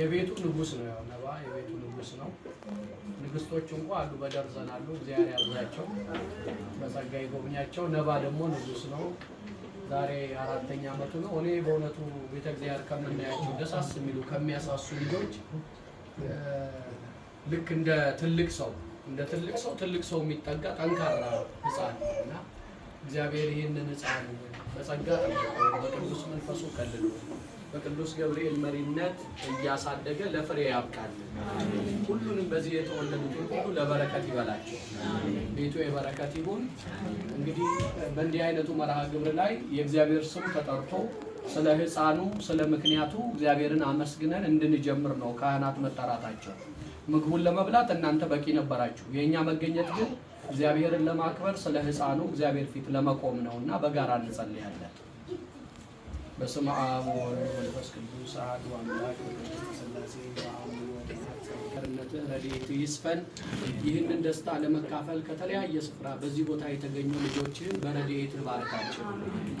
የቤቱ ንጉስ ነው። ያው ነባ የቤቱ ንጉስ ነው። ንግስቶች እንኳ አሉ በደርዘን አሉ። እግዚአብሔር ያብዛቸው በጸጋ ይጎብኛቸው። ነባ ደግሞ ንጉስ ነው። ዛሬ አራተኛ አመቱ ነው። እኔ በእውነቱ ቤተ እግዚአብሔር ከምናያቸው ደሳስ የሚሉ ከሚያሳሱ ልጆች ልክ እንደ ትልቅ ሰው እንደ ትልቅ ሰው ትልቅ ሰው የሚጠጋ ጠንካራ ህፃን እና እግዚአብሔር ይህንን ህፃን በጸጋ በቅዱስ መንፈሱ ከልሎ በቅዱስ ገብርኤል መሪነት እያሳደገ ለፍሬ ያብቃል። ሁሉንም በዚህ የተወለዱትን ሁሉ ለበረከት ይበላቸው። ቤቱ የበረከት ይሁን። እንግዲህ በእንዲህ አይነቱ መርሃ ግብር ላይ የእግዚአብሔር ስም ተጠርቶ ስለ ሕፃኑ ስለ ምክንያቱ እግዚአብሔርን አመስግነን እንድንጀምር ነው ካህናት መጠራታቸው። ምግቡን ለመብላት እናንተ በቂ ነበራችሁ። የእኛ መገኘት ግን እግዚአብሔርን ለማክበር ስለ ሕፃኑ እግዚአብሔር ፊት ለመቆም ነው እና በጋራ እንጸልያለን። በስመ አብ ወወልድ ወመንፈስ ቅዱስ አሐዱ አምላክ ሥላሴ ረድኤት ይስፈን። ይህንን ደስታ ለመካፈል ከተለያየ ስፍራ በዚህ ቦታ የተገኙ ልጆችን በረድኤት ባርካቸው፣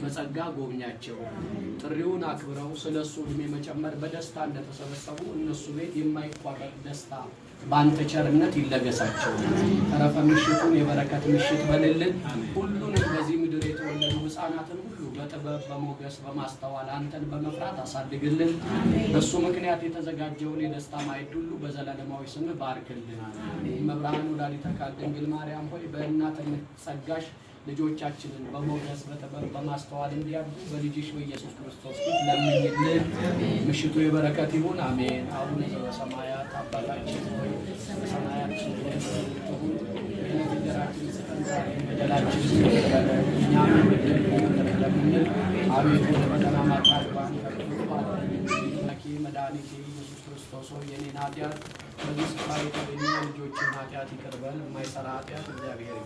በጸጋ ጎብኛቸው። ጥሪውን አክብረው ስለ እሱ ዕድሜ መጨመር በደስታ እንደተሰበሰቡ እነሱ ቤት የማይቋረጥ ደስታ በአንተ ቸርነት ይለገሳቸው። ተረፈ ምሽቱን የበረከት ምሽት በልልን። ሁሉንም በዚህ ምድር የተወለዱ ሕፃናትን በጥበብ በሞገስ በማስተዋል አንተን በመፍራት አሳድግልን። በእሱ ምክንያት የተዘጋጀውን የደስታ ማዕድ ሁሉ በዘላለማዊ ስም ባርክልን። መብርሃን ወላዲተ አምላክ ድንግል ማርያም ሆይ በእናትነት ጸጋሽ ልጆቻችንን በሞገስ በጥበብ በማስተዋል እንዲያዱ በልጅሽ በኢየሱስ ክርስቶስ ፊት ለምኝልን። ምሽቱ የበረከት ይሁን። አሜን። አቡነ ዘበሰማያት አባታችን ሆይ ሰማያችን ትሁን እንጀራችንን ስጠን እኛም እንደምንበድል እንደምንል፣ አቤቱ ወደ ፈተና አታግባን፣ ኢየሱስ ክርስቶስ የኔን ኃጢአት በዚህ ልጆችን ኃጢአት ይቅር የማይሰራ ኃጢአት እግዚአብሔር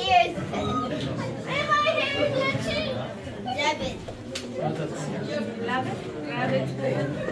hair is my hair is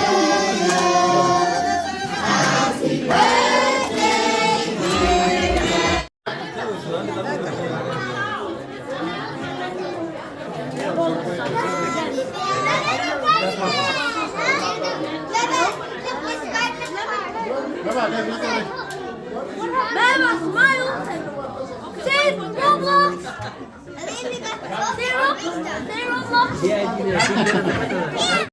Merhaba smile Şey Roblox. Roblox. Roblox.